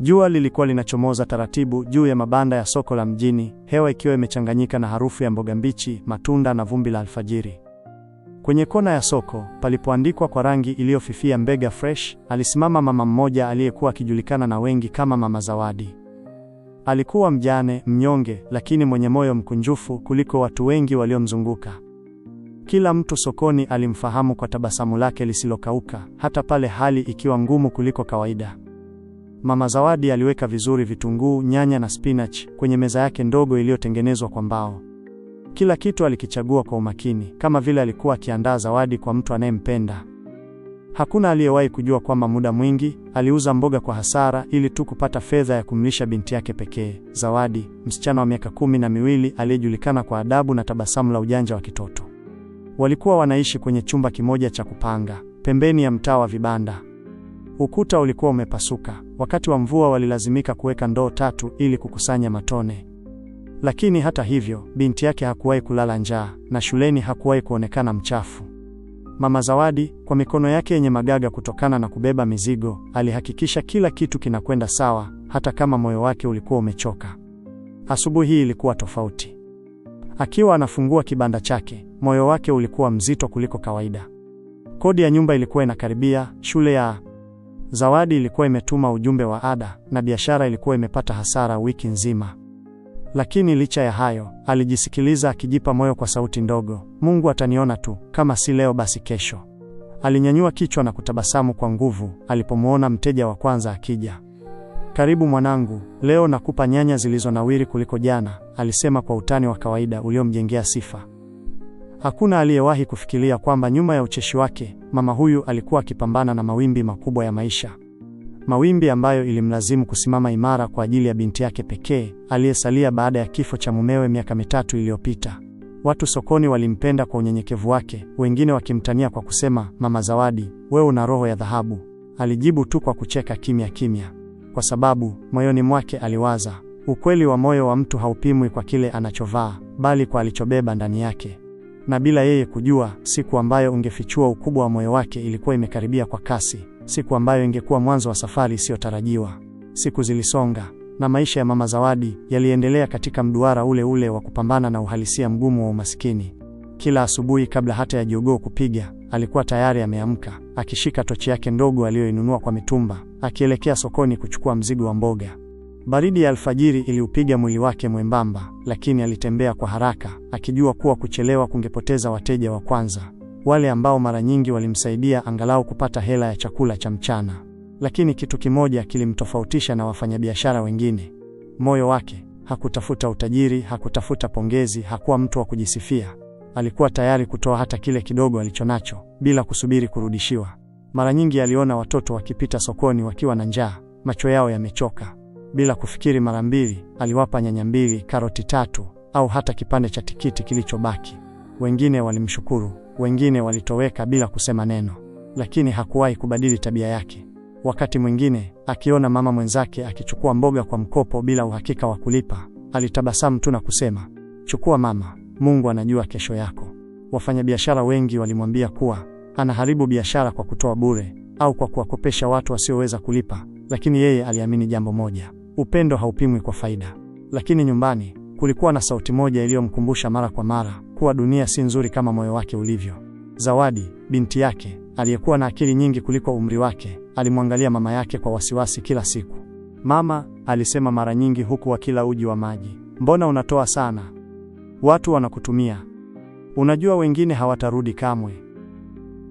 Jua lilikuwa linachomoza taratibu juu ya mabanda ya soko la mjini, hewa ikiwa imechanganyika na harufu ya mboga mbichi, matunda na vumbi la alfajiri. Kwenye kona ya soko palipoandikwa kwa rangi iliyofifia Mbega Fresh, alisimama mama mmoja aliyekuwa akijulikana na wengi kama Mama Zawadi. Alikuwa mjane, mnyonge, lakini mwenye moyo mkunjufu kuliko watu wengi waliomzunguka. Kila mtu sokoni alimfahamu kwa tabasamu lake lisilokauka, hata pale hali ikiwa ngumu kuliko kawaida. Mama Zawadi aliweka vizuri vitunguu, nyanya na spinach kwenye meza yake ndogo iliyotengenezwa kwa mbao. Kila kitu alikichagua kwa umakini, kama vile alikuwa akiandaa zawadi kwa mtu anayempenda. Hakuna aliyewahi kujua kwamba muda mwingi aliuza mboga kwa hasara ili tu kupata fedha ya kumlisha binti yake pekee, Zawadi, msichana wa miaka kumi na miwili aliyejulikana kwa adabu na tabasamu la ujanja wa kitoto. Walikuwa wanaishi kwenye chumba kimoja cha kupanga, pembeni ya mtaa wa vibanda. Ukuta ulikuwa umepasuka. Wakati wa mvua walilazimika kuweka ndoo tatu ili kukusanya matone. Lakini hata hivyo, binti yake hakuwahi kulala njaa na shuleni hakuwahi kuonekana mchafu. Mama Zawadi, kwa mikono yake yenye magaga kutokana na kubeba mizigo, alihakikisha kila kitu kinakwenda sawa, hata kama moyo wake ulikuwa umechoka. Asubuhi hii ilikuwa tofauti. Akiwa anafungua kibanda chake, moyo wake ulikuwa mzito kuliko kawaida. Kodi ya nyumba ilikuwa inakaribia, shule ya Zawadi ilikuwa imetuma ujumbe wa ada na biashara ilikuwa imepata hasara wiki nzima. Lakini licha ya hayo, alijisikiliza akijipa moyo kwa sauti ndogo, Mungu ataniona tu, kama si leo basi kesho. Alinyanyua kichwa na kutabasamu kwa nguvu alipomwona mteja wa kwanza akija. Karibu mwanangu, leo nakupa nyanya zilizonawiri kuliko jana, alisema kwa utani wa kawaida uliomjengea sifa. Hakuna aliyewahi kufikiria kwamba nyuma ya ucheshi wake, mama huyu alikuwa akipambana na mawimbi makubwa ya maisha. Mawimbi ambayo ilimlazimu kusimama imara kwa ajili ya binti yake pekee, aliyesalia baada ya kifo cha mumewe miaka mitatu iliyopita. Watu sokoni walimpenda kwa unyenyekevu wake, wengine wakimtania kwa kusema, Mama Zawadi, wewe una roho ya dhahabu. Alijibu tu kwa kucheka kimya kimya, kwa sababu moyoni mwake aliwaza, ukweli wa moyo wa mtu haupimwi kwa kile anachovaa, bali kwa alichobeba ndani yake na bila yeye kujua, siku ambayo ungefichua ukubwa wa moyo wake ilikuwa imekaribia kwa kasi, siku ambayo ingekuwa mwanzo wa safari isiyotarajiwa. Siku zilisonga na maisha ya Mama Zawadi yaliendelea katika mduara ule ule wa kupambana na uhalisia mgumu wa umasikini. Kila asubuhi, kabla hata ya jogoo kupiga, alikuwa tayari ameamka, akishika tochi yake ndogo aliyoinunua kwa mitumba, akielekea sokoni kuchukua mzigo wa mboga. Baridi ya alfajiri iliupiga mwili wake mwembamba, lakini alitembea kwa haraka, akijua kuwa kuchelewa kungepoteza wateja wa kwanza, wale ambao mara nyingi walimsaidia angalau kupata hela ya chakula cha mchana. Lakini kitu kimoja kilimtofautisha na wafanyabiashara wengine: moyo wake. Hakutafuta utajiri, hakutafuta pongezi, hakuwa mtu wa kujisifia. Alikuwa tayari kutoa hata kile kidogo alichonacho bila kusubiri kurudishiwa. Mara nyingi aliona watoto wakipita sokoni wakiwa na njaa, macho yao yamechoka bila kufikiri mara mbili, aliwapa nyanya mbili, karoti tatu, au hata kipande cha tikiti kilichobaki. Wengine walimshukuru, wengine walitoweka bila kusema neno, lakini hakuwahi kubadili tabia yake. Wakati mwingine akiona mama mwenzake akichukua mboga kwa mkopo bila uhakika wa kulipa, alitabasamu tu na kusema, chukua mama, Mungu anajua kesho yako. Wafanyabiashara wengi walimwambia kuwa anaharibu biashara kwa kutoa bure au kwa kuwakopesha watu wasioweza kulipa, lakini yeye aliamini jambo moja: Upendo haupimwi kwa faida. Lakini nyumbani kulikuwa na sauti moja iliyomkumbusha mara kwa mara kuwa dunia si nzuri kama moyo wake ulivyo. Zawadi, binti yake, aliyekuwa na akili nyingi kuliko umri wake, alimwangalia mama yake kwa wasiwasi kila siku. Mama, alisema mara nyingi huku akila uji wa maji, mbona unatoa sana? Watu wanakutumia. Unajua wengine hawatarudi kamwe.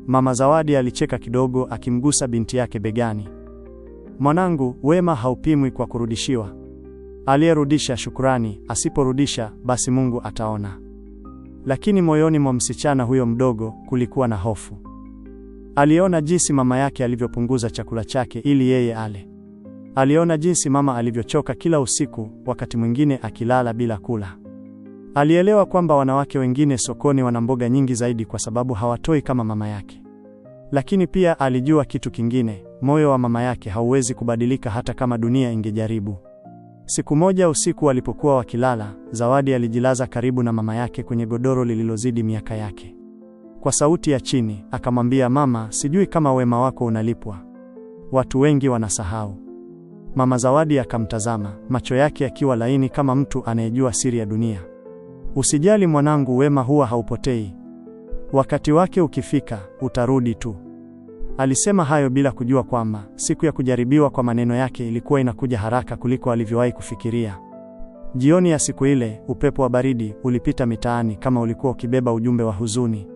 Mama Zawadi alicheka kidogo akimgusa binti yake begani. Mwanangu, wema haupimwi kwa kurudishiwa. Aliyerudisha shukrani, asiporudisha basi Mungu ataona. Lakini moyoni mwa msichana huyo mdogo kulikuwa na hofu. Aliona jinsi mama yake alivyopunguza chakula chake ili yeye ale. Aliona jinsi mama alivyochoka kila usiku, wakati mwingine akilala bila kula. Alielewa kwamba wanawake wengine sokoni wana mboga nyingi zaidi kwa sababu hawatoi kama mama yake. Lakini pia alijua kitu kingine moyo wa mama yake hauwezi kubadilika hata kama dunia ingejaribu. Siku moja usiku walipokuwa wakilala, Zawadi alijilaza karibu na mama yake kwenye godoro lililozidi miaka yake. Kwa sauti ya chini akamwambia, mama, sijui kama wema wako unalipwa, watu wengi wanasahau. Mama Zawadi akamtazama, macho yake yakiwa laini kama mtu anayejua siri ya dunia. Usijali mwanangu, wema huwa haupotei, wakati wake ukifika utarudi tu. Alisema hayo bila kujua kwamba siku ya kujaribiwa kwa maneno yake ilikuwa inakuja haraka kuliko alivyowahi kufikiria. Jioni ya siku ile, upepo wa baridi ulipita mitaani kama ulikuwa ukibeba ujumbe wa huzuni.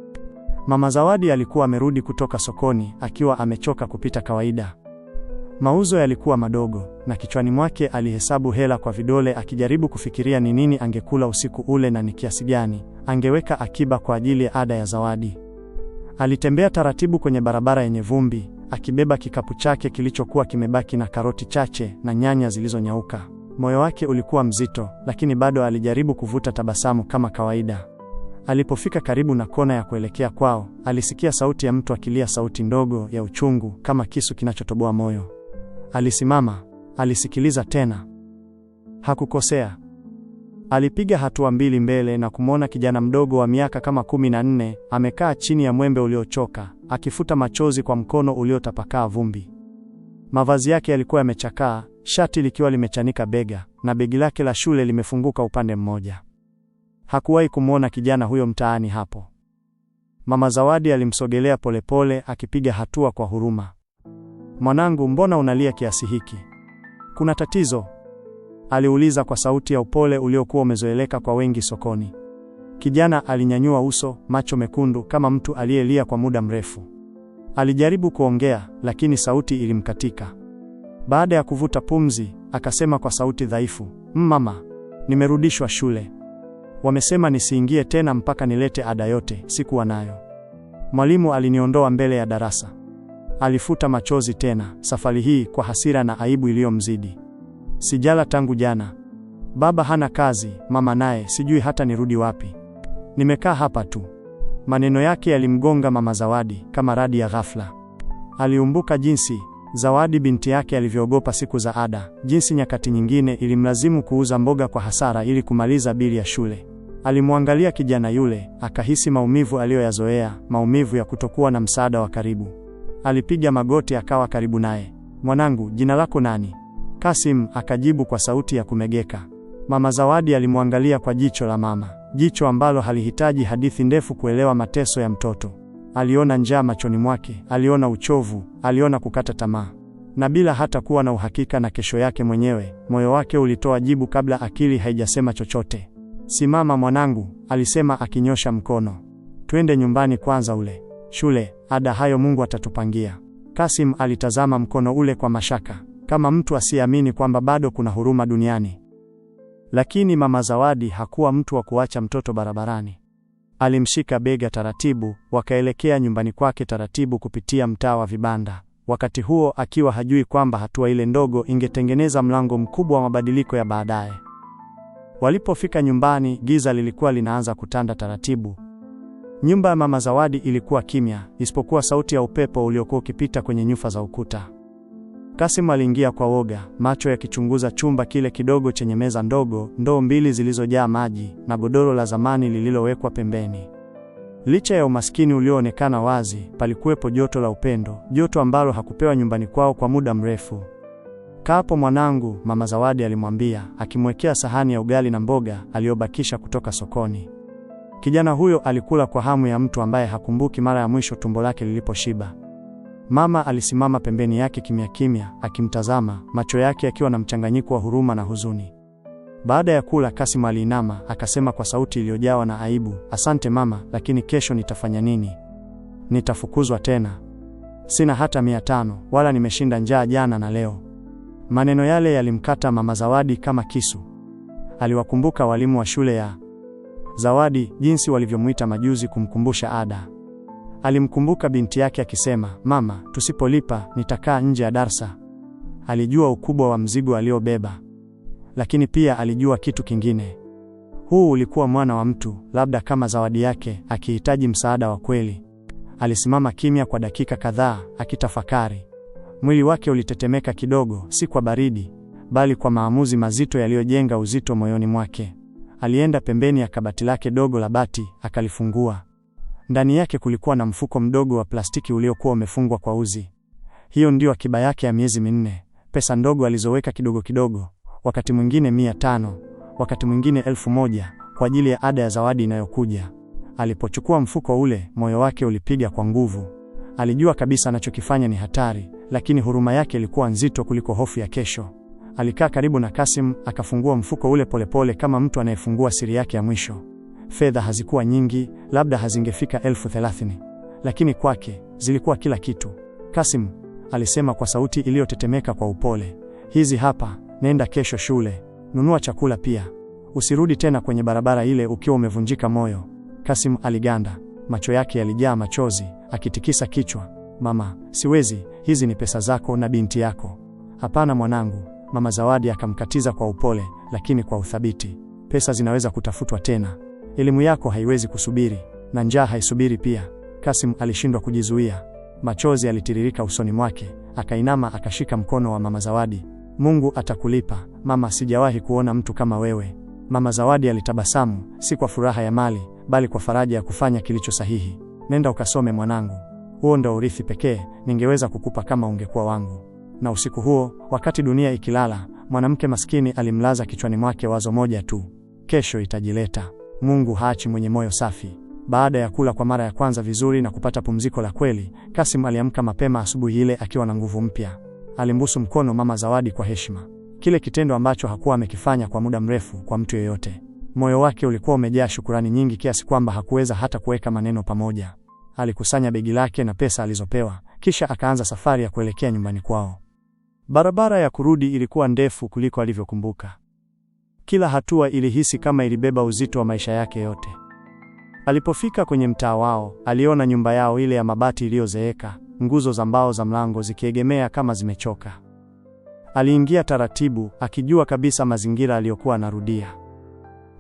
Mama Zawadi alikuwa amerudi kutoka sokoni akiwa amechoka kupita kawaida. Mauzo yalikuwa madogo na kichwani mwake alihesabu hela kwa vidole akijaribu kufikiria ni nini angekula usiku ule na ni kiasi gani angeweka akiba kwa ajili ya ada ya Zawadi. Alitembea taratibu kwenye barabara yenye vumbi, akibeba kikapu chake kilichokuwa kimebaki na karoti chache na nyanya zilizonyauka. Moyo wake ulikuwa mzito, lakini bado alijaribu kuvuta tabasamu kama kawaida. Alipofika karibu na kona ya kuelekea kwao, alisikia sauti ya mtu akilia, sauti ndogo ya uchungu kama kisu kinachotoboa moyo. Alisimama, alisikiliza tena. Hakukosea. Alipiga hatua mbili mbele na kumwona kijana mdogo wa miaka kama kumi na nne amekaa chini ya mwembe uliochoka, akifuta machozi kwa mkono uliotapakaa vumbi. Mavazi yake yalikuwa yamechakaa, shati likiwa limechanika bega na begi lake la shule limefunguka upande mmoja. Hakuwahi kumwona kijana huyo mtaani hapo. Mama Zawadi alimsogelea polepole akipiga hatua kwa huruma. Mwanangu, mbona unalia kiasi hiki? Kuna tatizo? aliuliza kwa sauti ya upole uliokuwa umezoeleka kwa wengi sokoni. Kijana alinyanyua uso, macho mekundu kama mtu aliyelia kwa muda mrefu. Alijaribu kuongea, lakini sauti ilimkatika. Baada ya kuvuta pumzi, akasema kwa sauti dhaifu, mm, "Mama, nimerudishwa shule. Wamesema nisiingie tena mpaka nilete ada yote, sikuwa nayo. Mwalimu aliniondoa mbele ya darasa." Alifuta machozi tena, safari hii kwa hasira na aibu iliyomzidi. Sijala tangu jana. Baba hana kazi, mama naye sijui hata nirudi wapi. Nimekaa hapa tu. Maneno yake yalimgonga mama Zawadi kama radi ya ghafla. Aliumbuka jinsi Zawadi binti yake alivyoogopa siku za ada, jinsi nyakati nyingine ilimlazimu kuuza mboga kwa hasara ili kumaliza bili ya shule. Alimwangalia kijana yule, akahisi maumivu aliyoyazoea, maumivu ya kutokuwa na msaada wa karibu. Alipiga magoti akawa karibu naye. Mwanangu, jina lako nani? Kasim akajibu kwa sauti ya kumegeka. Mama Zawadi alimwangalia kwa jicho la mama, jicho ambalo halihitaji hadithi ndefu kuelewa mateso ya mtoto. Aliona njaa machoni mwake, aliona uchovu, aliona kukata tamaa. Na bila hata kuwa na uhakika na kesho yake mwenyewe, moyo wake ulitoa jibu kabla akili haijasema chochote. Simama mwanangu, alisema akinyosha mkono. Twende nyumbani kwanza ule. Shule, ada hayo Mungu atatupangia. Kasim alitazama mkono ule kwa mashaka kama mtu asiyeamini kwamba bado kuna huruma duniani. Lakini Mama Zawadi hakuwa mtu wa kuacha mtoto barabarani. Alimshika bega taratibu, wakaelekea nyumbani kwake taratibu kupitia mtaa wa vibanda. Wakati huo akiwa hajui kwamba hatua ile ndogo ingetengeneza mlango mkubwa wa mabadiliko ya baadaye. Walipofika nyumbani, giza lilikuwa linaanza kutanda taratibu. Nyumba ya Mama Zawadi ilikuwa kimya, isipokuwa sauti ya upepo uliokuwa ukipita kwenye nyufa za ukuta. Kasim aliingia kwa woga, macho yakichunguza chumba kile kidogo chenye meza ndogo, ndoo mbili zilizojaa maji na godoro la zamani lililowekwa pembeni. Licha ya umaskini ulioonekana wazi, palikuwepo joto la upendo, joto ambalo hakupewa nyumbani kwao kwa muda mrefu. kapo mwanangu, Mama Zawadi alimwambia, akimwekea sahani ya ugali na mboga aliyobakisha kutoka sokoni. Kijana huyo alikula kwa hamu ya mtu ambaye hakumbuki mara ya mwisho tumbo lake liliposhiba. Mama alisimama pembeni yake kimya kimya, akimtazama, macho yake akiwa na mchanganyiko wa huruma na huzuni. Baada ya kula, Kasim aliinama akasema kwa sauti iliyojawa na aibu, asante mama, lakini kesho nitafanya nini? Nitafukuzwa tena? Sina hata mia tano, wala nimeshinda njaa jana na leo. Maneno yale yalimkata mama Zawadi kama kisu. Aliwakumbuka walimu wa shule ya Zawadi, jinsi walivyomwita majuzi kumkumbusha ada. Alimkumbuka binti yake akisema, mama, tusipolipa nitakaa nje ya darsa. Alijua ukubwa wa mzigo aliobeba, lakini pia alijua kitu kingine. Huu ulikuwa mwana wa mtu, labda kama zawadi yake, akihitaji msaada wa kweli. Alisimama kimya kwa dakika kadhaa akitafakari. Mwili wake ulitetemeka kidogo, si kwa baridi, bali kwa maamuzi mazito yaliyojenga uzito moyoni mwake. Alienda pembeni ya kabati lake dogo la bati, akalifungua. Ndani yake kulikuwa na mfuko mdogo wa plastiki uliokuwa umefungwa kwa uzi. Hiyo ndio akiba yake ya miezi minne, pesa ndogo alizoweka kidogo kidogo, wakati mwingine mia tano, wakati mwingine elfu moja kwa ajili ya ada ya zawadi inayokuja. Alipochukua mfuko ule, moyo wake ulipiga kwa nguvu. Alijua kabisa anachokifanya ni hatari, lakini huruma yake ilikuwa nzito kuliko hofu ya kesho. Alikaa karibu na Kasim, akafungua mfuko ule polepole pole, kama mtu anayefungua siri yake ya mwisho. Fedha hazikuwa nyingi, labda hazingefika elfu thelathini, lakini kwake zilikuwa kila kitu. Kasim alisema kwa sauti iliyotetemeka kwa upole, hizi hapa, nenda kesho shule, nunua chakula pia, usirudi tena kwenye barabara ile ukiwa umevunjika moyo. Kasim aliganda, macho yake yalijaa machozi, akitikisa kichwa. Mama, siwezi, hizi ni pesa zako na binti yako. Hapana mwanangu, Mama Zawadi akamkatiza kwa upole, lakini kwa uthabiti. Pesa zinaweza kutafutwa tena. Elimu yako haiwezi kusubiri na njaa haisubiri pia. Kasim alishindwa kujizuia, machozi alitiririka usoni mwake. Akainama akashika mkono wa mama Zawadi. Mungu atakulipa mama, sijawahi kuona mtu kama wewe. Mama Zawadi alitabasamu, si kwa furaha ya mali, bali kwa faraja ya kufanya kilicho sahihi. Nenda ukasome mwanangu, huo ndo urithi pekee ningeweza kukupa kama ungekuwa wangu. Na usiku huo, wakati dunia ikilala, mwanamke maskini alimlaza kichwani mwake wazo moja tu: kesho itajileta. Mungu haachi mwenye moyo safi. Baada ya kula kwa mara ya kwanza vizuri na kupata pumziko la kweli, Kasim aliamka mapema asubuhi ile akiwa na nguvu mpya. Alimbusu mkono Mama Zawadi kwa heshima, kile kitendo ambacho hakuwa amekifanya kwa muda mrefu kwa mtu yeyote. Moyo wake ulikuwa umejaa shukurani nyingi kiasi kwamba hakuweza hata kuweka maneno pamoja. Alikusanya begi lake na pesa alizopewa, kisha akaanza safari ya kuelekea nyumbani kwao. Barabara ya kurudi ilikuwa ndefu kuliko alivyokumbuka. Kila hatua ilihisi kama ilibeba uzito wa maisha yake yote. Alipofika kwenye mtaa wao, aliona nyumba yao ile ya mabati iliyozeeka, nguzo za mbao za mlango zikiegemea kama zimechoka. Aliingia taratibu, akijua kabisa mazingira aliyokuwa anarudia.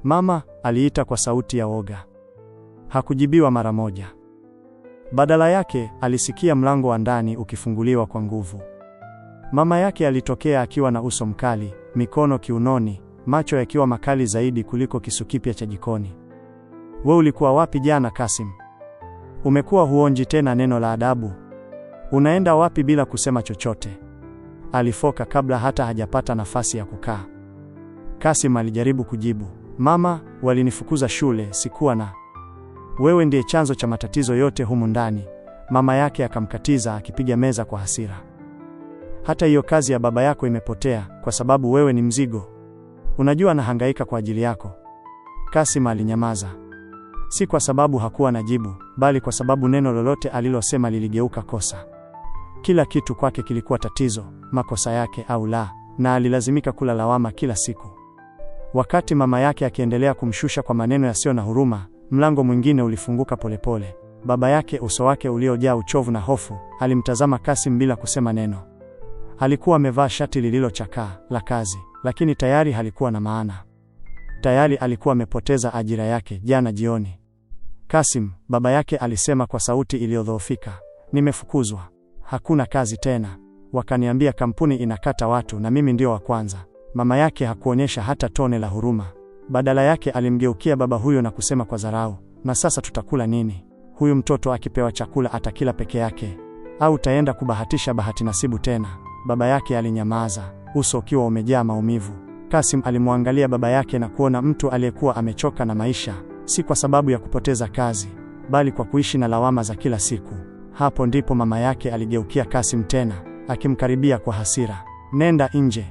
Mama, aliita kwa sauti ya woga. Hakujibiwa mara moja. Badala yake, alisikia mlango wa ndani ukifunguliwa kwa nguvu. Mama yake alitokea akiwa na uso mkali, mikono kiunoni, macho yakiwa makali zaidi kuliko kisu kipya cha jikoni. We ulikuwa wapi jana Kasim? Umekuwa huonji tena neno la adabu. Unaenda wapi bila kusema chochote? Alifoka kabla hata hajapata nafasi ya kukaa. Kasim alijaribu kujibu, mama, walinifukuza shule, sikuwa na wewe ndiye chanzo cha matatizo yote humu ndani. Mama yake akamkatiza akipiga meza kwa hasira. Hata hiyo kazi ya baba yako imepotea kwa sababu wewe ni mzigo. Unajua anahangaika kwa ajili yako. kasim alinyamaza, si kwa sababu hakuwa na jibu, bali kwa sababu neno lolote alilosema liligeuka kosa. Kila kitu kwake kilikuwa tatizo, makosa yake au la, na alilazimika kula lawama kila siku. Wakati mama yake akiendelea kumshusha kwa maneno yasiyo na huruma, mlango mwingine ulifunguka polepole. Baba yake, uso wake uliojaa uchovu na hofu, alimtazama kasim bila kusema neno. Alikuwa amevaa shati lililochakaa la kazi lakini tayari halikuwa na maana. Tayari alikuwa amepoteza ajira yake jana jioni. Kasim, baba yake alisema kwa sauti iliyodhoofika, nimefukuzwa, hakuna kazi tena. Wakaniambia kampuni inakata watu na mimi ndio wa kwanza. Mama yake hakuonyesha hata tone la huruma, badala yake alimgeukia baba huyo na kusema kwa dharau, na sasa tutakula nini? Huyu mtoto akipewa chakula atakila peke yake, au taenda kubahatisha bahati nasibu tena? Baba yake alinyamaza uso ukiwa umejaa maumivu. Kasim alimwangalia baba yake na kuona mtu aliyekuwa amechoka na maisha, si kwa sababu ya kupoteza kazi, bali kwa kuishi na lawama za kila siku. Hapo ndipo mama yake aligeukia Kasim tena, akimkaribia kwa hasira. Nenda nje,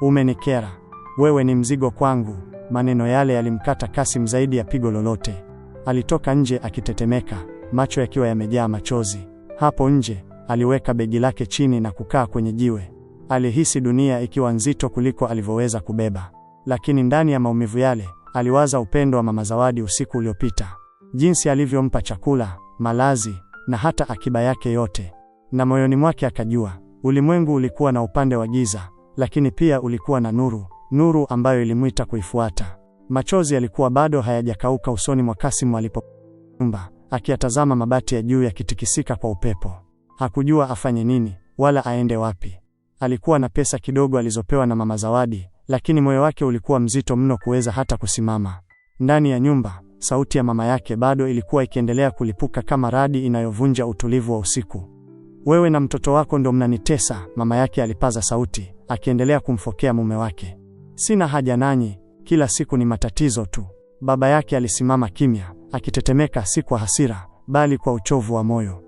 umenikera. Wewe ni mzigo kwangu. Maneno yale yalimkata Kasim zaidi ya pigo lolote. Alitoka nje akitetemeka, macho yakiwa yamejaa machozi. Hapo nje, aliweka begi lake chini na kukaa kwenye jiwe. Alihisi dunia ikiwa nzito kuliko alivyoweza kubeba, lakini ndani ya maumivu yale aliwaza upendo wa Mama Zawadi usiku uliopita, jinsi alivyompa chakula, malazi na hata akiba yake yote. Na moyoni mwake akajua ulimwengu ulikuwa na upande wa giza, lakini pia ulikuwa na nuru, nuru ambayo ilimwita kuifuata. Machozi yalikuwa bado hayajakauka usoni mwa Kasimu alipo nyumba akiyatazama mabati ya juu yakitikisika kwa upepo. Hakujua afanye nini wala aende wapi. Alikuwa na pesa kidogo alizopewa na mama Zawadi, lakini moyo wake ulikuwa mzito mno kuweza hata kusimama. Ndani ya nyumba, sauti ya mama yake bado ilikuwa ikiendelea kulipuka kama radi inayovunja utulivu wa usiku. Wewe na mtoto wako ndo mnanitesa, mama yake alipaza sauti, akiendelea kumfokea mume wake. Sina haja nanyi, kila siku ni matatizo tu. Baba yake alisimama kimya, akitetemeka si kwa hasira, bali kwa uchovu wa moyo.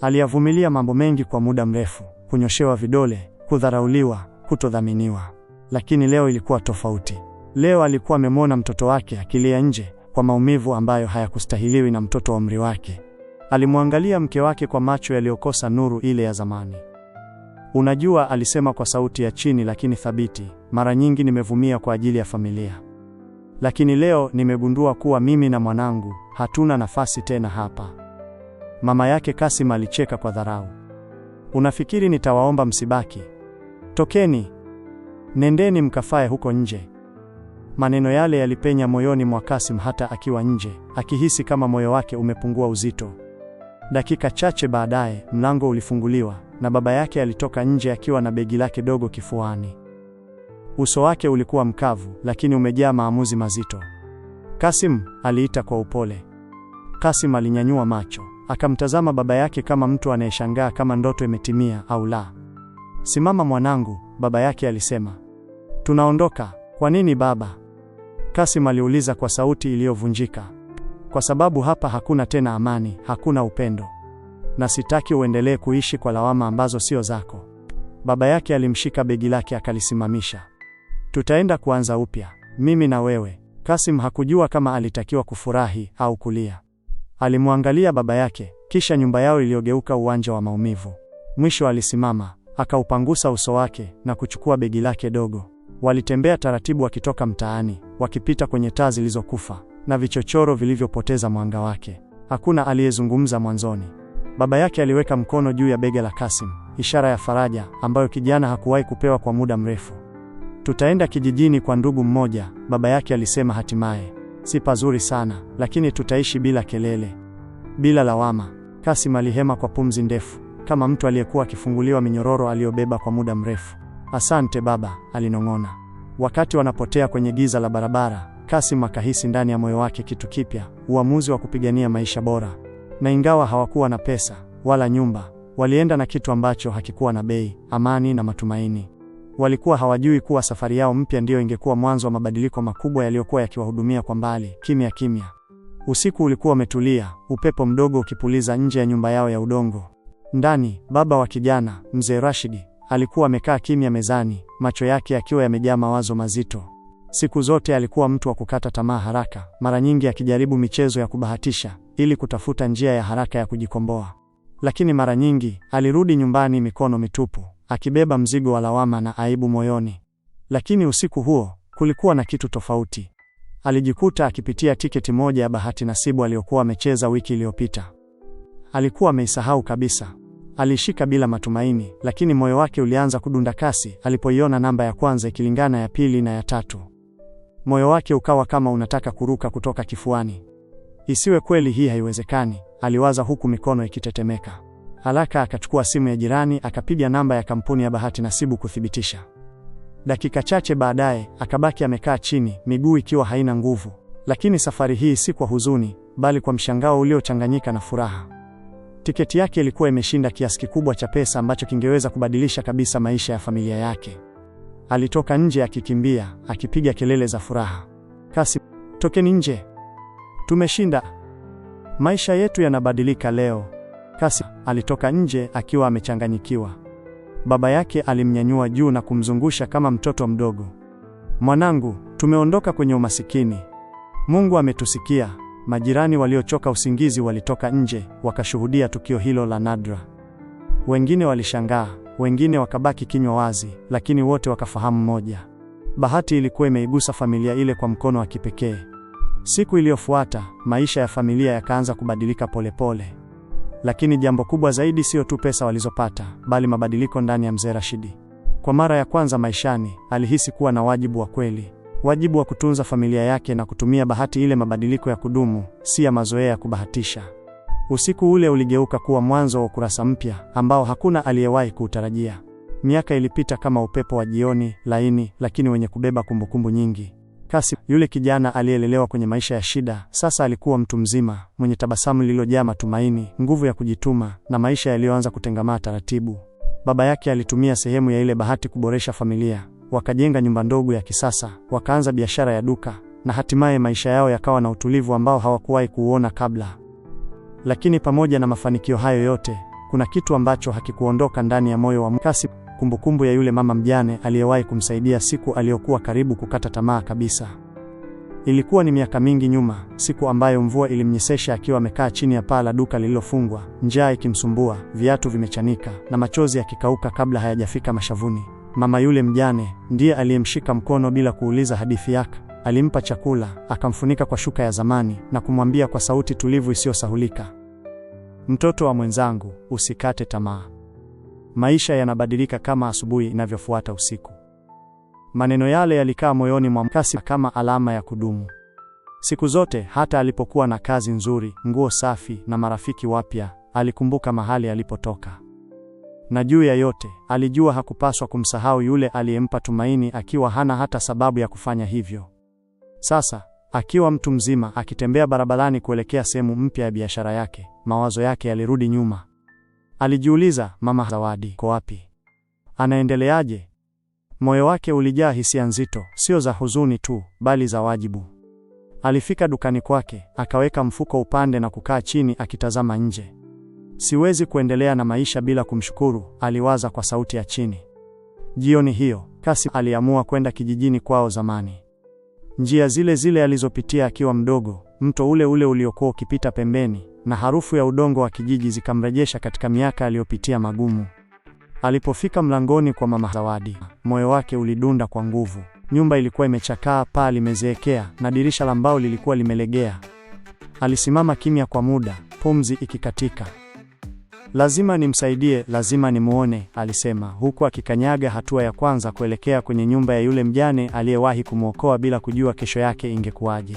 Aliyavumilia mambo mengi kwa muda mrefu, kunyoshewa vidole, kudharauliwa, kutodhaminiwa. Lakini leo ilikuwa tofauti. Leo alikuwa amemwona mtoto wake akilia nje kwa maumivu ambayo hayakustahiliwi na mtoto wa umri wake. Alimwangalia mke wake kwa macho yaliyokosa nuru ile ya zamani. Unajua, alisema kwa sauti ya chini lakini thabiti, mara nyingi nimevumia kwa ajili ya familia, lakini leo nimegundua kuwa mimi na mwanangu hatuna nafasi tena hapa. Mama yake Kasim alicheka kwa dharau. Unafikiri nitawaomba msibaki? Tokeni, nendeni mkafae huko nje. Maneno yale yalipenya moyoni mwa Kasim hata akiwa nje, akihisi kama moyo wake umepungua uzito. Dakika chache baadaye, mlango ulifunguliwa na baba yake alitoka nje akiwa na begi lake dogo kifuani. Uso wake ulikuwa mkavu, lakini umejaa maamuzi mazito. Kasim, aliita kwa upole. Kasim alinyanyua macho, akamtazama baba yake kama mtu anayeshangaa kama ndoto imetimia au la. Simama mwanangu, baba yake alisema. Tunaondoka. Kwa nini baba? Kasim aliuliza kwa sauti iliyovunjika. Kwa sababu hapa hakuna tena amani, hakuna upendo, na sitaki uendelee kuishi kwa lawama ambazo sio zako. Baba yake alimshika begi lake akalisimamisha. Tutaenda kuanza upya, mimi na wewe. Kasim hakujua kama alitakiwa kufurahi au kulia. Alimwangalia baba yake, kisha nyumba yao iliyogeuka uwanja wa maumivu. Mwisho alisimama. Akaupangusa uso wake na kuchukua begi lake dogo. Walitembea taratibu wakitoka mtaani, wakipita kwenye taa zilizokufa na vichochoro vilivyopoteza mwanga wake. Hakuna aliyezungumza mwanzoni. Baba yake aliweka mkono juu ya bega la Kasim, ishara ya faraja ambayo kijana hakuwahi kupewa kwa muda mrefu. Tutaenda kijijini kwa ndugu mmoja, baba yake alisema hatimaye. Si pazuri sana, lakini tutaishi bila kelele, bila lawama. Kasim alihema kwa pumzi ndefu kama mtu aliyekuwa akifunguliwa minyororo aliyobeba kwa muda mrefu. Asante baba, alinong'ona. Wakati wanapotea kwenye giza la barabara, Kasim akahisi ndani ya moyo wake kitu kipya, uamuzi wa kupigania maisha bora. Na ingawa hawakuwa na pesa wala nyumba, walienda na kitu ambacho hakikuwa na bei, amani na matumaini. Walikuwa hawajui kuwa safari yao mpya ndiyo ingekuwa mwanzo wa mabadiliko makubwa yaliyokuwa yakiwahudumia kwa mbali, kimya kimya. Usiku ulikuwa umetulia, upepo mdogo ukipuliza nje ya nyumba yao ya udongo. Ndani, baba wa kijana, mzee Rashidi, alikuwa amekaa kimya mezani, macho yake yakiwa yamejaa mawazo mazito. Siku zote alikuwa mtu wa kukata tamaa haraka, mara nyingi akijaribu michezo ya kubahatisha ili kutafuta njia ya haraka ya kujikomboa. Lakini mara nyingi alirudi nyumbani mikono mitupu, akibeba mzigo wa lawama na aibu moyoni. Lakini usiku huo kulikuwa na kitu tofauti. Alijikuta akipitia tiketi moja ya bahati nasibu aliyokuwa amecheza wiki iliyopita. Alikuwa ameisahau kabisa. Alishika bila matumaini, lakini moyo wake ulianza kudunda kasi alipoiona namba ya kwanza ikilingana ya pili na ya tatu. Moyo wake ukawa kama unataka kuruka kutoka kifuani. Isiwe kweli, hii haiwezekani, aliwaza huku mikono ikitetemeka. Haraka akachukua simu ya jirani, akapiga namba ya kampuni ya bahati nasibu kuthibitisha. Dakika chache baadaye akabaki amekaa chini, miguu ikiwa haina nguvu, lakini safari hii si kwa huzuni, bali kwa mshangao uliochanganyika na furaha. Tiketi yake ilikuwa imeshinda kiasi kikubwa cha pesa ambacho kingeweza kubadilisha kabisa maisha ya familia yake. Alitoka nje akikimbia, akipiga kelele za furaha. Kasi, tokeni nje, tumeshinda! Maisha yetu yanabadilika leo. Kasi alitoka nje akiwa amechanganyikiwa. Baba yake alimnyanyua juu na kumzungusha kama mtoto mdogo. Mwanangu, tumeondoka kwenye umasikini. Mungu ametusikia. Majirani waliochoka usingizi walitoka nje, wakashuhudia tukio hilo la nadra. Wengine walishangaa, wengine wakabaki kinywa wazi, lakini wote wakafahamu moja: bahati ilikuwa imeigusa familia ile kwa mkono wa kipekee. Siku iliyofuata maisha ya familia yakaanza kubadilika polepole pole. Lakini jambo kubwa zaidi sio tu pesa walizopata, bali mabadiliko ndani ya mzee Rashidi. Kwa mara ya kwanza maishani, alihisi kuwa na wajibu wa kweli wajibu wa kutunza familia yake na kutumia bahati ile mabadiliko ya kudumu, si ya mazoea ya kubahatisha. Usiku ule uligeuka kuwa mwanzo wa ukurasa mpya ambao hakuna aliyewahi kuutarajia. Miaka ilipita kama upepo wa jioni, laini lakini wenye kubeba kumbukumbu nyingi. Kasi, yule kijana aliyelelewa kwenye maisha ya shida, sasa alikuwa mtu mzima mwenye tabasamu lililojaa matumaini, nguvu ya kujituma na maisha yaliyoanza kutengamaa taratibu. Baba yake alitumia sehemu ya ile bahati kuboresha familia, wakajenga nyumba ndogo ya kisasa, wakaanza biashara ya duka na hatimaye maisha yao yakawa na utulivu ambao hawakuwahi kuuona kabla. Lakini pamoja na mafanikio hayo yote, kuna kitu ambacho hakikuondoka ndani ya moyo wa Mkasi, kumbukumbu ya yule mama mjane aliyewahi kumsaidia siku aliyokuwa karibu kukata tamaa kabisa. Ilikuwa ni miaka mingi nyuma, siku ambayo mvua ilimnyesesha akiwa amekaa chini ya paa la duka lililofungwa, njaa ikimsumbua, viatu vimechanika na machozi yakikauka kabla hayajafika mashavuni. Mama yule mjane ndiye aliyemshika mkono bila kuuliza hadithi yake. Alimpa chakula, akamfunika kwa shuka ya zamani na kumwambia kwa sauti tulivu isiyosahulika, mtoto wa mwenzangu, usikate tamaa. Maisha yanabadilika kama asubuhi inavyofuata usiku. Maneno yale yalikaa moyoni mwa Mkasi kama alama ya kudumu. Siku zote, hata alipokuwa na kazi nzuri, nguo safi na marafiki wapya, alikumbuka mahali alipotoka na juu ya yote alijua hakupaswa kumsahau yule aliyempa tumaini akiwa hana hata sababu ya kufanya hivyo. Sasa akiwa mtu mzima akitembea barabarani kuelekea sehemu mpya ya biashara yake, mawazo yake yalirudi nyuma. Alijiuliza, Mama Zawadi ko wapi? Anaendeleaje? Moyo wake ulijaa hisia nzito, sio za huzuni tu, bali za wajibu. Alifika dukani kwake, akaweka mfuko upande na kukaa chini akitazama nje. Siwezi kuendelea na maisha bila kumshukuru, aliwaza kwa sauti ya chini. Jioni hiyo, kasim aliamua kwenda kijijini kwao zamani. Njia zile zile alizopitia akiwa mdogo, mto ule ule uliokuwa ukipita pembeni, na harufu ya udongo wa kijiji zikamrejesha katika miaka aliyopitia magumu. Alipofika mlangoni kwa Mama Zawadi, moyo wake ulidunda kwa nguvu. Nyumba ilikuwa imechakaa, paa limezeekea, na dirisha la mbao lilikuwa limelegea. Alisimama kimya kwa muda, pumzi ikikatika. Lazima nimsaidie, lazima nimuone, alisema huku akikanyaga hatua ya kwanza kuelekea kwenye nyumba ya yule mjane aliyewahi kumwokoa bila kujua kesho yake ingekuwaje.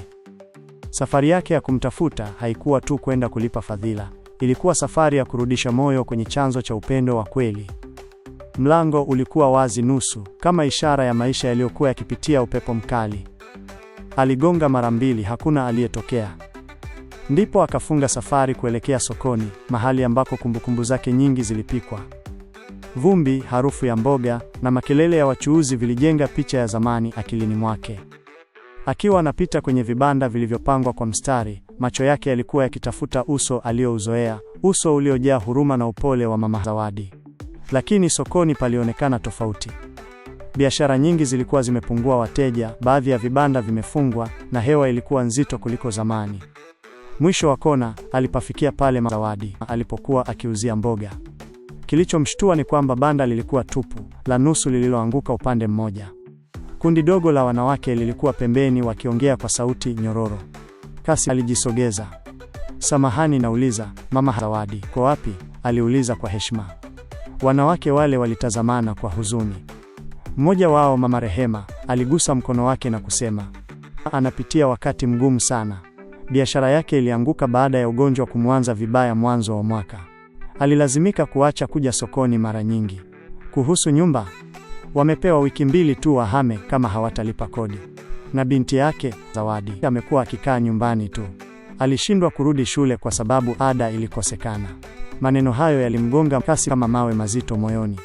Safari yake ya kumtafuta haikuwa tu kwenda kulipa fadhila, ilikuwa safari ya kurudisha moyo kwenye chanzo cha upendo wa kweli. Mlango ulikuwa wazi nusu, kama ishara ya maisha yaliyokuwa yakipitia upepo mkali. Aligonga mara mbili, hakuna aliyetokea. Ndipo akafunga safari kuelekea sokoni, mahali ambako kumbukumbu zake nyingi zilipikwa. Vumbi, harufu ya mboga na makelele ya wachuuzi vilijenga picha ya zamani akilini mwake. Akiwa anapita kwenye vibanda vilivyopangwa kwa mstari, macho yake yalikuwa yakitafuta uso aliyouzoea, uso uliojaa huruma na upole wa Mama Zawadi. Lakini sokoni palionekana tofauti. Biashara nyingi zilikuwa zimepungua wateja, baadhi ya vibanda vimefungwa na hewa ilikuwa nzito kuliko zamani. Mwisho wa kona alipafikia pale Zawadi alipokuwa akiuzia mboga. Kilichomshtua ni kwamba banda lilikuwa tupu, la nusu lililoanguka upande mmoja. Kundi dogo la wanawake lilikuwa pembeni wakiongea kwa sauti nyororo. Kasi alijisogeza. Samahani, nauliza mama Zawadi, kwa wapi? aliuliza kwa heshima. Wanawake wale walitazamana kwa huzuni. Mmoja wao, mama Rehema, aligusa mkono wake na kusema, anapitia wakati mgumu sana biashara yake ilianguka baada ya ugonjwa kumwanza vibaya mwanzo wa mwaka. Alilazimika kuacha kuja sokoni mara nyingi. Kuhusu nyumba, wamepewa wiki mbili tu wahame kama hawatalipa kodi. Na binti yake Zawadi amekuwa akikaa nyumbani tu. Alishindwa kurudi shule kwa sababu ada ilikosekana. Maneno hayo yalimgonga kasi kama mawe mazito moyoni.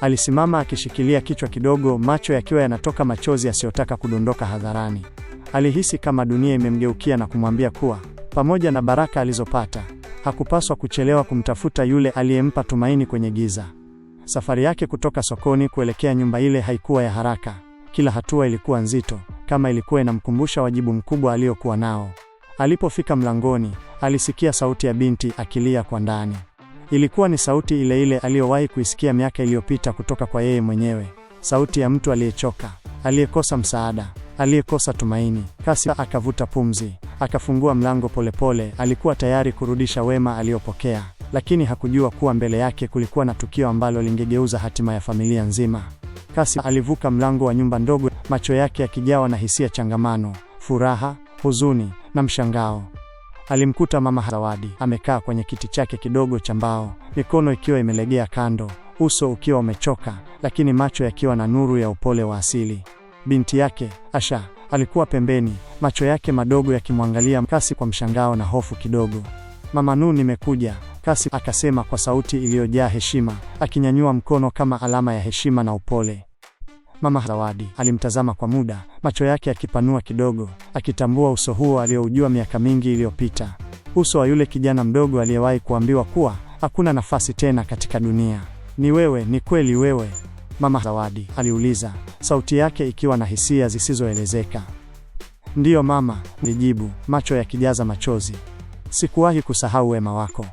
Alisimama akishikilia kichwa kidogo, macho yakiwa yanatoka machozi yasiyotaka kudondoka hadharani. Alihisi kama dunia imemgeukia na kumwambia kuwa pamoja na baraka alizopata, hakupaswa kuchelewa kumtafuta yule aliyempa tumaini kwenye giza. Safari yake kutoka sokoni kuelekea nyumba ile haikuwa ya haraka. Kila hatua ilikuwa nzito, kama ilikuwa inamkumbusha wajibu mkubwa aliokuwa nao. Alipofika mlangoni, alisikia sauti ya binti akilia kwa ndani. Ilikuwa ni sauti ile ile aliyowahi kuisikia miaka iliyopita kutoka kwa yeye mwenyewe, sauti ya mtu aliyechoka, aliyekosa msaada aliyekosa tumaini. Kassim akavuta pumzi, akafungua mlango polepole. Alikuwa tayari kurudisha wema aliyopokea, lakini hakujua kuwa mbele yake kulikuwa na tukio ambalo lingegeuza hatima ya familia nzima. Kassim alivuka mlango wa nyumba ndogo, macho yake yakijawa na hisia changamano, furaha, huzuni na mshangao. Alimkuta mama Zawadi amekaa kwenye kiti chake kidogo cha mbao, mikono ikiwa imelegea kando, uso ukiwa umechoka, lakini macho yakiwa na nuru ya upole wa asili. Binti yake Asha alikuwa pembeni, macho yake madogo yakimwangalia Kasi kwa mshangao na hofu kidogo. Mama Nu, nimekuja, Kasi akasema kwa sauti iliyojaa heshima, akinyanyua mkono kama alama ya heshima na upole. Mama Zawadi alimtazama kwa muda, macho yake akipanua kidogo, akitambua uso huo aliyoujua miaka mingi iliyopita, uso wa yule kijana mdogo aliyewahi kuambiwa kuwa hakuna nafasi tena katika dunia. Ni wewe, ni kweli wewe. Mama Zawadi aliuliza, sauti yake ikiwa na hisia zisizoelezeka. Ndiyo mama, nilijibu, macho yakijaza machozi. Sikuwahi kusahau wema wako.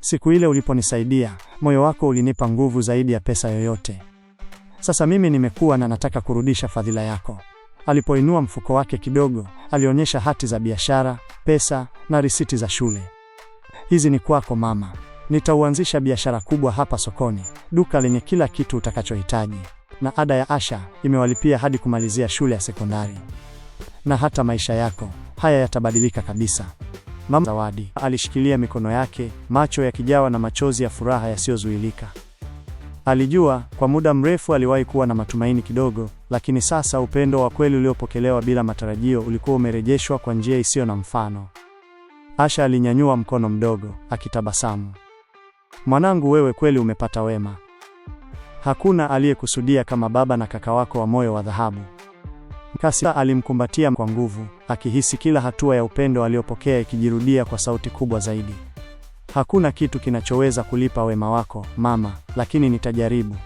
Siku ile uliponisaidia, moyo wako ulinipa nguvu zaidi ya pesa yoyote. Sasa mimi nimekuwa na nataka kurudisha fadhila yako. Alipoinua mfuko wake kidogo, alionyesha hati za biashara, pesa na risiti za shule. Hizi ni kwako mama. Nitauanzisha biashara kubwa hapa sokoni, duka lenye kila kitu utakachohitaji, na ada ya Asha imewalipia hadi kumalizia shule ya sekondari. Na hata maisha yako haya yatabadilika kabisa. Mama Zawadi alishikilia mikono yake, macho yakijawa na machozi ya furaha yasiyozuilika. Alijua kwa muda mrefu aliwahi kuwa na matumaini kidogo, lakini sasa upendo wa kweli uliopokelewa bila matarajio ulikuwa umerejeshwa kwa njia isiyo na mfano. Asha alinyanyua mkono mdogo akitabasamu. Mwanangu, wewe kweli umepata wema. Hakuna aliyekusudia kama baba na kaka wako wa moyo wa dhahabu. kasi alimkumbatia kwa nguvu, akihisi kila hatua ya upendo aliyopokea ikijirudia kwa sauti kubwa zaidi. Hakuna kitu kinachoweza kulipa wema wako mama, lakini nitajaribu.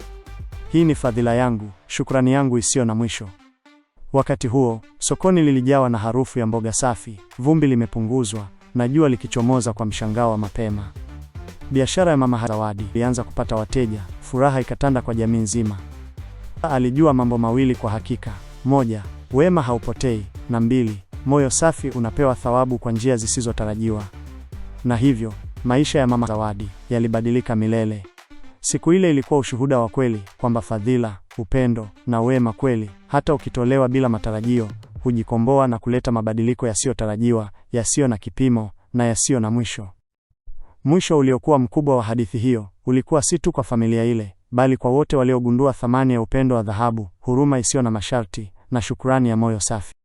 Hii ni fadhila yangu, shukrani yangu isiyo na mwisho. Wakati huo, sokoni lilijawa na harufu ya mboga safi, vumbi limepunguzwa na jua likichomoza kwa mshangao wa mapema. Biashara ya Mama Zawadi ilianza kupata wateja, furaha ikatanda kwa jamii nzima. Alijua mambo mawili kwa hakika: moja, wema haupotei, na mbili, moyo safi unapewa thawabu kwa njia zisizotarajiwa. Na hivyo maisha ya Mama Zawadi yalibadilika milele. Siku ile ilikuwa ushuhuda wa kweli kwamba fadhila, upendo na wema kweli, hata ukitolewa bila matarajio, hujikomboa na kuleta mabadiliko yasiyotarajiwa, yasiyo na kipimo na yasiyo na mwisho. Mwisho uliokuwa mkubwa wa hadithi hiyo ulikuwa si tu kwa familia ile, bali kwa wote waliogundua thamani ya upendo wa dhahabu, huruma isiyo na masharti na shukrani ya moyo safi.